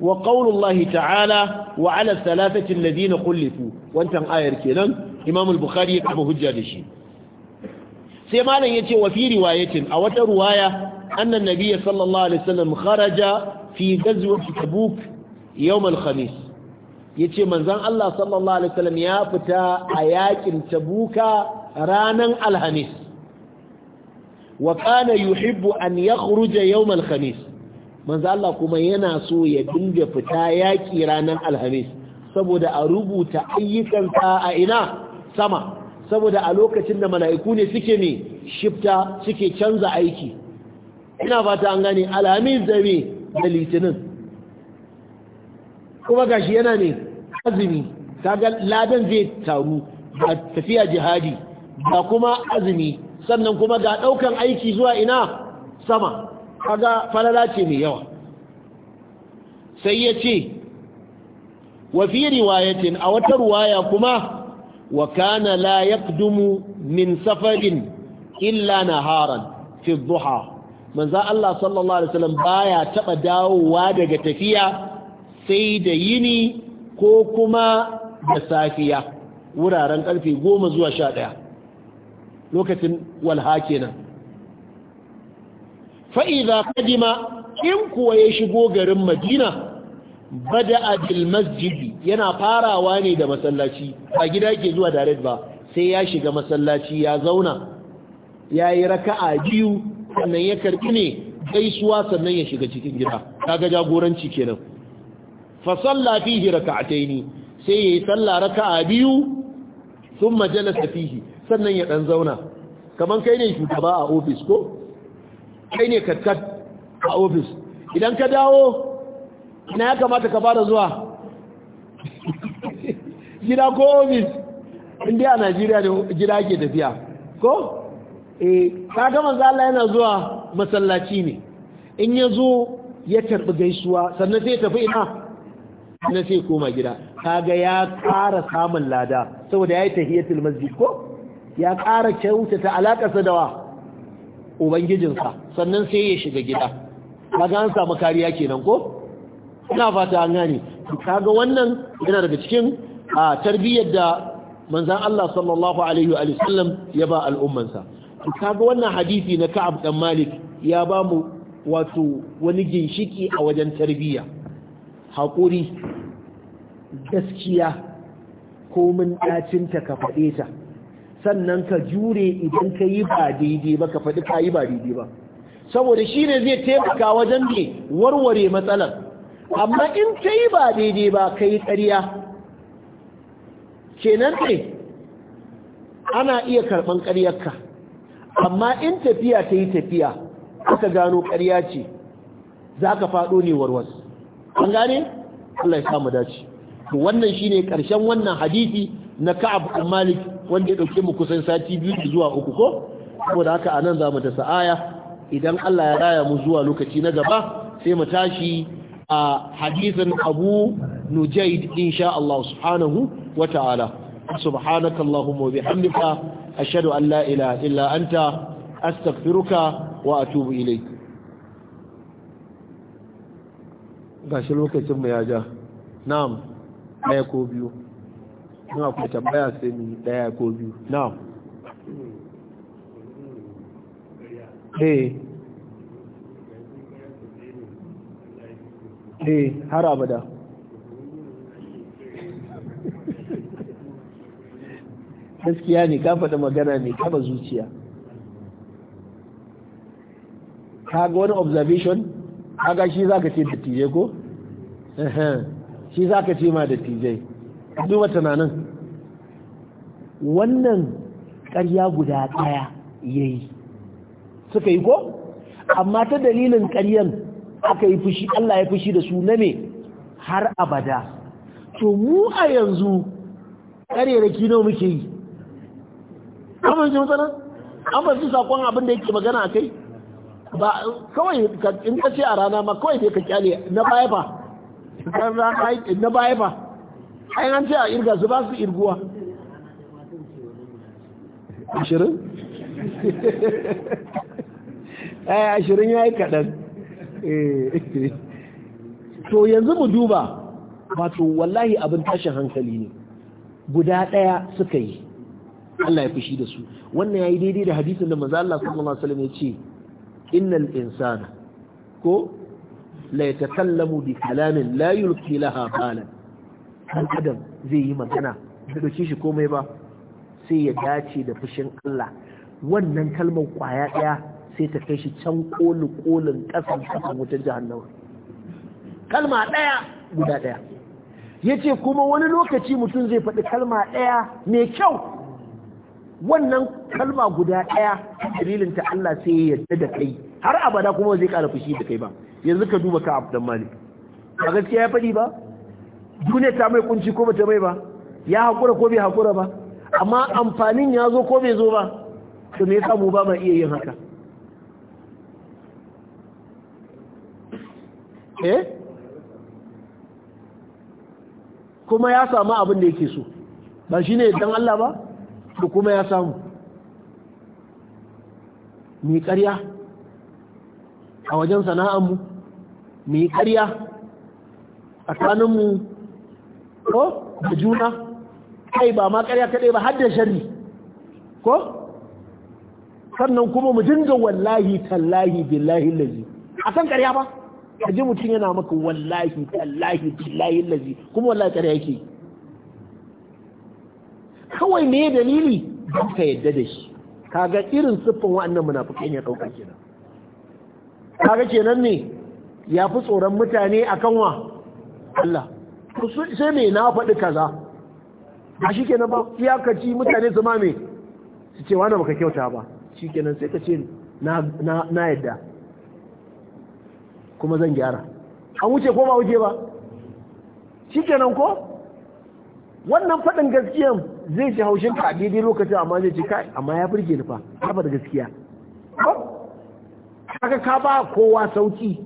wa qaulullahi ta'ala wa ala thalathati alladhina khulifu wancan ayar kenan Imam al-Bukhari ya kafa hujja da shi sai malam yace wa fi riwayatin a wata riwaya annan nabiyyi sallallahu alaihi wasallam kharaja fi ghazwati tabuk yawm al-khamis yace manzon Allah sallallahu alaihi wasallam ya fita a yaƙin ta buka ranan alhamis wa kana yuhibbu an yakhruja yawm al-khamis manzo Allah kuma yana so ya dinga fita yaki ranar alhamis saboda a rubuta ayyukansa a ina sama saboda a lokacin da mala'iku ne suke ne shifta suke canza aiki ina fata an gane alhamis da me da litinin kuma gashi yana ne azumi kaga ladan zai taru da tafiya jihadi ga kuma azumi sannan kuma ga daukan aiki zuwa ina sama kaga falala ce mai yawa sai ya ce wa fi a wata ruwaya kuma wa kana la min safarin illa na haran fi dhuha manzo Allah sallallahu alaihi wasallam baya taba dawowa daga tafiya sai da yini ko kuma da safiya wuraren karfe goma zuwa sha ɗaya lokacin walha kenan fa'iza kadima in kuwa ya shigo garin madina bada adil masjidi yana farawa ne da masallaci a gida ke zuwa direct ba sai ya shiga masallaci ya zauna ya yi raka'a biyu sannan ya karbi ne gaisuwa sannan ya shiga cikin gida kaga jagoranci kenan fa salla fihi raka'ataini sai yayi salla raka'a biyu thumma jalasa fihi sannan ya dan zauna kamar kai ne shugaba a ofis ko kai ne katkat a ofis idan ka dawo ina ya kamata ka fara zuwa (laughs) gida ko ofis inda a najeriya ne gida ke tafiya ko? eh ka zala yana zuwa masallaci ne in ya zo ya tarbi gaisuwa sannan sai ya tafi ina na sai koma gida kaga ya ƙara samun lada saboda ya yi tahiyatul masjid ko ya ƙara kyautata alaƙarsa da wa ubangijinsa sannan sai ya shiga gida kaga an samu kariya kenan ko ina fata an gane kaga wannan yana daga cikin a tarbiyyar da manzon Allah sallallahu alaihi wa sallam ya ba al'ummansa kaga wannan hadisi na Ka'ab dan Malik ya ba mu wato wani ginshiki a wajen tarbiyya haƙuri gaskiya komin ɗacinta ka faɗe ta sannan ka jure idan ka yi ba daidai ba ka faɗi ka yi ba daidai ba saboda shi ne zai taimaka wajen ne warware matsalar amma in ka yi ba daidai ba ka yi ƙarya kenan ne ana iya karɓan ƙaryarka amma in tafiya ta yi tafiya aka gano ƙarya ce za ka faɗo ne warwas an gane? Allah ya samu dace wannan shine ƙarshen wannan hadisi na ka'ab al-malik wanda ya ɗauke mu kusan sati biyu zuwa uku ko saboda haka anan za mu ta sa'aya idan Allah ya raya mu zuwa lokaci na gaba sai mu tashi a hadisin Abu Nujaid insha Allah subhanahu wa ta'ala subhanaka allahumma wa bihamdika ashhadu an la ilaha illa anta astaghfiruka wa atubu ilayk gashi lokacin mu ya ja na'am aya ko biyu in akwai tambaya sai ni daya ko biyu na eh eh har abada gaskiya ne ka faɗi magana ne kaba zuciya ka ga wani observation ga shi za ka ce dattijai ko shi za ka ce ma tije duba tunanin wannan ƙarya guda ɗaya ya yi suka yi ko amma ta dalilin ƙaryan aka yi fushi Allah ya fushi da su na me har abada to mu a yanzu ƙarerake nawa muke yi amince matsalar an amma su sakon abin da yake magana a kai ba kawai in ka ce a rana ma kawai sai ka kyale na baya fa na baya fa ai an ce a irga su ba su irguwa ashirin? ai (laughs) eh, ashirin ya yi kaɗan eh. to yanzu mu duba wato wallahi abin tashin hankali ne guda ɗaya suka yi Allah ya fushi da su wannan ya yi daidai da hadisin da maza Allah sallallahu Alaihi wasallam ya ce innal insana ko la yatakallamu bi kalamin la yulqi laha balan adam zai yi magana da dauke shi komai ba sai ya dace da fushin Allah wannan kalmar kwaya ɗaya sai ta kai shi can koli kolin ƙasan ƙasan wutar jihannawa kalma ɗaya guda ɗaya ya ce kuma wani lokaci mutum zai faɗi kalma ɗaya mai kyau wannan kalma guda ɗaya dalilin ta Allah sai ya yarda da kai har abada kuma zai ƙara fushi da kai ba yanzu ka duba ka abdan malik ba gaskiya ya faɗi ba duniya ta mai kunci ko ba ta mai ba ya haƙura ko bai haƙura ba amma amfanin ya zo ko bai zo ba to me yasa mu ba ma iya yin haka eh kuma ya samu abin da yake so ba shine dan Allah ba to kuma ya samu mi ƙarya a wajen sana'anmu mu ƙarya a tsananmu ko da juna kai ba ma ƙarya kaɗai ba har da sharri ko sannan kuma mu dinga wallahi tallahi billahi lazi akan ƙarya ba a ji mutum yana maka wallahi tallahi billahi lazi kuma wallahi ƙarya yake kawai me dalili don ka yadda da shi kaga irin siffin wa'annan munafukai ya ɗauka kenan kaga kenan ne ya fi tsoron mutane akan wa Allah sai me na faɗi kaza ba shi kenan ba kaci mutane su mame su ce wani baka kyauta ba shi kenan sai ka ce na yadda kuma zan gyara an wuce ko ba wuce ba shi kenan ko wannan faɗin gaskiyan zai ci haushin ka daidai lokacin amma zai ci kai amma ya burge ni fa kafa da gaskiya haka ka ba kowa sauki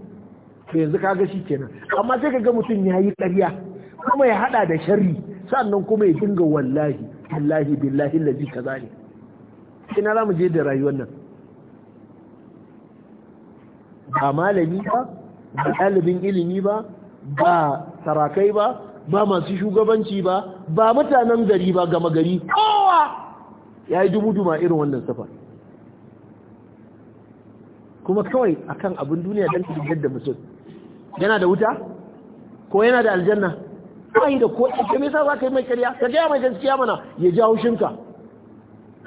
to yanzu kaga shi kenan amma sai ka ga mutum ya yi ƙarya kuma ya hada da sharri sannan kuma ya dinga wallahi wallahi billahi lazi kaza ne ina za mu je da rayuwar nan ba malami ba ba ɗalibin ilimi ba ba sarakai ba ba masu shugabanci ba ba mutanen gari ba gama gari kowa ya yi dubu duma irin wannan safa kuma kawai akan abin duniya don yadda mutum yana da wuta ko yana da aljanna ba yi da ko ka me yasa za ka yi mai ƙarya, ka gaya mai gaskiya mana ya ja haushinka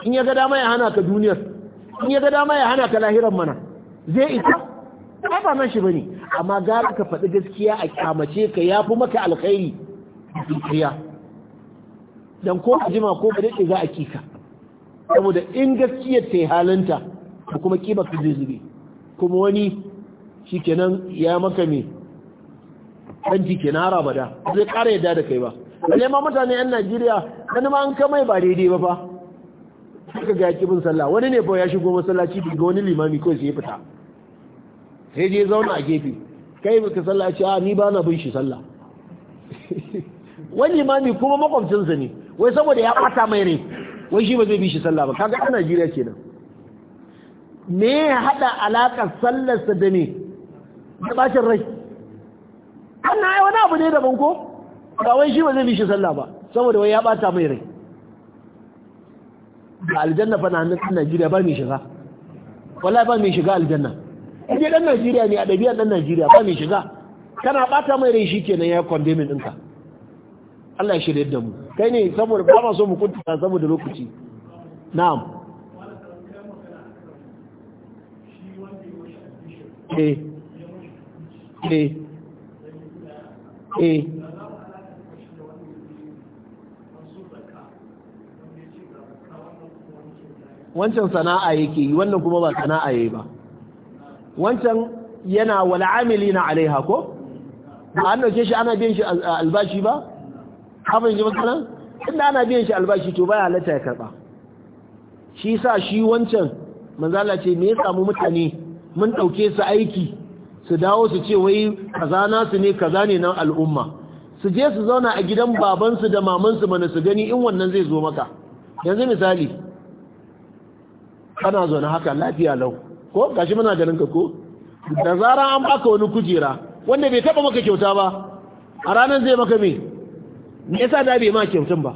in ya ga dama ya hana ka duniyar in ya ga dama ya hana ka lahiran mana zai ita ba ba nan shi bane amma gara ka faɗi gaskiya a kyamace ka ya fi maka alkhairi dukiya dan ko a jima ko ba daɗe za a kika saboda in gaskiyar ta yi halinta da kuma kima ka zai zube kuma wani shikenan ya maka me danki ke na da zai ƙara yadda da kai ba wani ma mutane yan Najeriya wani ma an kamai ba daidai ba fa suka ga yaki bin sallah wani ne bau ya shigo masallaci daga wani limami kawai sai ya fita sai je zauna a gefe kai ka sallah ce a ni ba na bin shi sallah (laughs) wani limami kuma makwabcinsa ne wai saboda ya ɓata mai ne wai shi ba zai bi shi sallah ba kaga a Najeriya kenan me ya haɗa alaƙar sallarsa da ne da bacin rai wannan ya wani abu ne daban ko ba wai shi ba zai bishi sallah ba saboda wai ya ɓata mai rai ga aljanna fa na hannun ɗan Najeriya ba mai shiga wallahi ba mai shiga aljanna in dai ɗan Najeriya ne a ɗabi'ar ɗan Najeriya ba mai shiga kana ɓata mai rai shi kenan ya min ɗinka Allah ya shirya da mu kai ne saboda ba ma so mu kunta saboda lokaci na'am eh eh Eh. wancan sana'a yake yi wannan kuma ba sana'a yayi ba wancan yana wal amilina alaiha ko ba an dauke shi ana biyan shi albashi ba hafin ji masana inda ana biyan shi albashi to baya halatta ya karba shi sa shi wancan manzala ce me ya samu mutane mun dauke su aiki su dawo su ce wai kaza su ne kaza ne na al'umma su je su zauna a gidan babansu da mamansu mana su gani in wannan zai zo maka yanzu misali kana na haka lafiya lau ko gashi muna ganin ka ko da zara an baka wani kujera wanda bai taba maka kyauta ba a ranar zai maka me me yasa da bai ma kyautun ba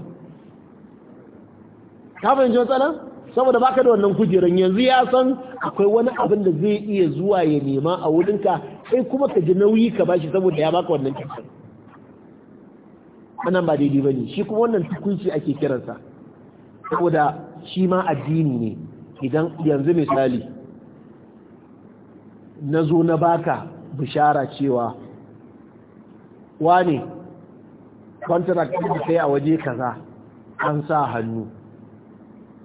ka fahimci matsalar saboda baka da wannan kujeran yanzu ya san akwai wani abin da zai iya zuwa ya nema a wurinka sai kuma ka ji nauyi ka bashi saboda ya baka wannan kyautar wannan ba daidai bane shi kuma wannan tukunci ake kiransa saboda shi ma addini ne idan yanzu misali na zo na baka bishara cewa wane contract da kai a waje kaza an sa hannu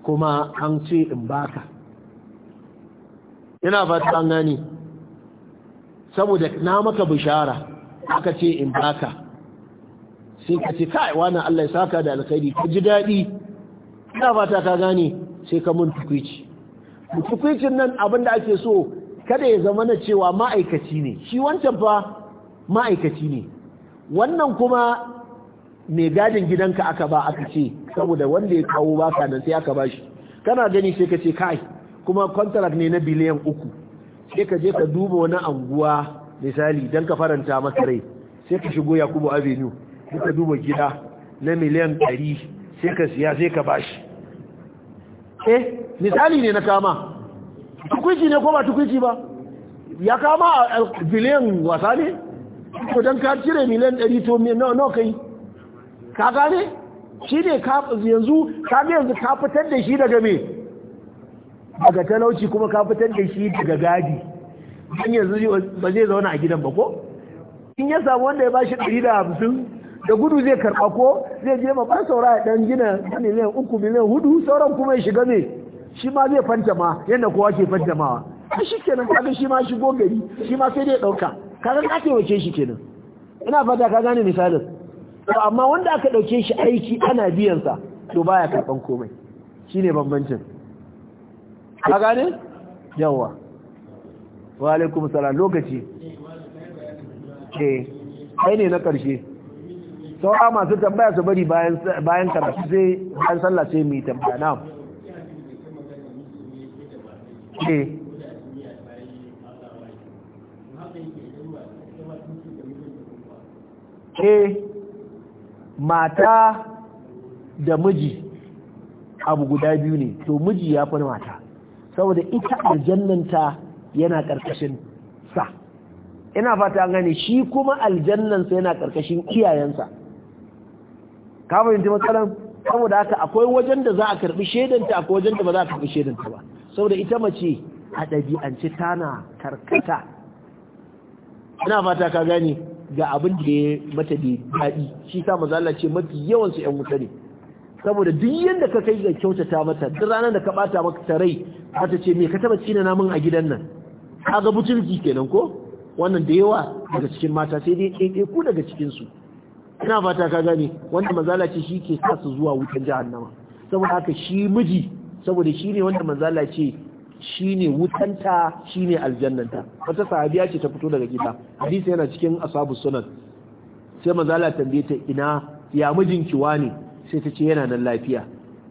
kuma an ce in baka ina ba ta gani saboda na maka bishara aka ce in baka sai ka ce kai wani Allah ya saka da alkhairi ka ji daɗi ina ba ta ka gane sai ka mun tukwici tukwicin nan abin da ake so kada ya zama na cewa ma'aikaci ne shi wancan fa ma'aikaci ne wannan kuma mai gadin gidanka aka ba aka ce saboda wanda ya kawo baka nan sai aka bashi kana gani sai ka ce kai kuma contract ne na biliyan uku sai ka je ka duba wani anguwa misali don ka faranta masa rai sai ka shigo yakubu avenue sai ka duba gida na miliyan ɗari sai ka siya sai ka bashi eh misali ne na kama tukwici ne ko ba tukwici ba ya kama a eh, biliyan wasa ne ko don ka cire miliyan ɗari to nawa kai ka gane shi ne yanzu ka yanzu ka fitar da shi daga me daga talauci kuma ka fitar da shi daga gadi don yanzu ba zai zauna a gidan ba ko in ya samu wanda ya ba shi ɗari da hamsin da gudu zai karɓa ko zai je ba saura ya ɗan gina miliyan uku miliyan hudu sauran kuma ya shiga me shi ma zai fantama yadda kowa ke fantamawa a shi kenan kaga shi ma shigo gari shi ma sai dai ɗauka kaga ka taimake shi kenan ina fata ka gane misalin to amma wanda aka dauke shi aiki ana biyan sa to baya karban komai shine bambancin ka gane yawa wa alaikum salam lokaci eh kai ne na karshe saura masu tambaya su bari bayan bayan karatu sai bayan sallah sai mu yi tambaya na eh eh mata da miji abu guda biyu ne to miji ya fi mata saboda ita aljannanta yana ƙarƙashin sa ina fata an gane shi kuma aljannansa yana ƙarƙashin kiyayensa ka fahimci matsalan saboda haka akwai wajen da za a karɓi shaidanta akwai wajen da ba za a karɓi shaidanta ba saboda ita mace a ɗabi'ance tana karkata ina fata ka gane ga abin da ya mata da daɗi shi sa mazala ce mafi yawan su 'yan wuta ne saboda duk yadda ka kai ga kyautata mata duk ranar da ka bata maka tarai ta ce me ka taba cina namun a gidan nan kaga mutunci kenan ko wannan da yawa daga cikin mata sai dai ɗaiɗai ku daga cikin su ina fata ka gane wanda mazala ce shi ke sa su zuwa wutan jahannama saboda haka shi miji saboda shi ne wanda mazala ce shine wutanta shine aljannanta wata sahabiya ce ta fito daga gida hadisi yana cikin ashabu sunan sai manzala tambaye ta ina ya mijinki wani sai ta ce yana nan lafiya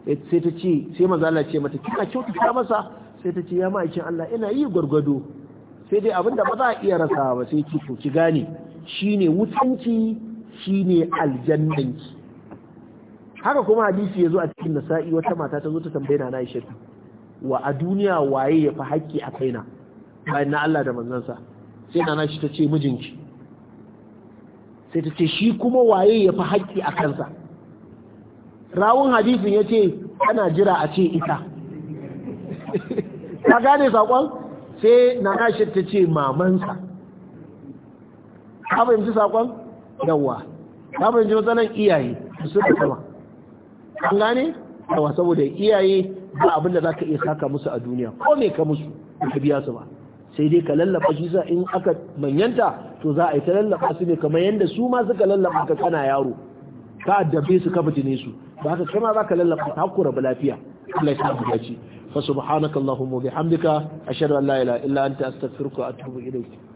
eh, sai ta ce sai manzala ce mata kina kyautata masa sai ta ce ya ma'aikin Allah ina yi gwargwado sai dai abinda ba za a iya rasa ba sai ki to ki gane shine wutanci shine aljannanki haka kuma hadisi zo a cikin nasa'i wata mata ta zo ta tambaye na Aisha wa a duniya waye ya fi haƙƙi a kaina bayan na Allah da manzansa sai nana shi ta ce mijinki sai ta ce shi kuma waye ya fi haƙƙi a kansa rawun hadisin ya ce ana jira a ce ita ta (laughs) gane saƙon sai nana shi ta ce mamansa ka fahimci saƙon yawa ta fahimci matsalan iyaye su da sama an gane yawa saboda iyaye ba abin da zaka iya saka musu a duniya ko me ka musu ka biya su ba sai dai ka lallaba shi sa in aka manyanta to za a yi ta lallaba su ne kamar yanda su ma suka lallaba ka kana yaro ka addabe su ka fitine su ba ka kai ma ka lallaba ta hakura ba lafiya Allah ya sa mu fa subhanakallahumma bihamdika ashhadu an la ilaha illa anta astaghfiruka wa atubu ilayk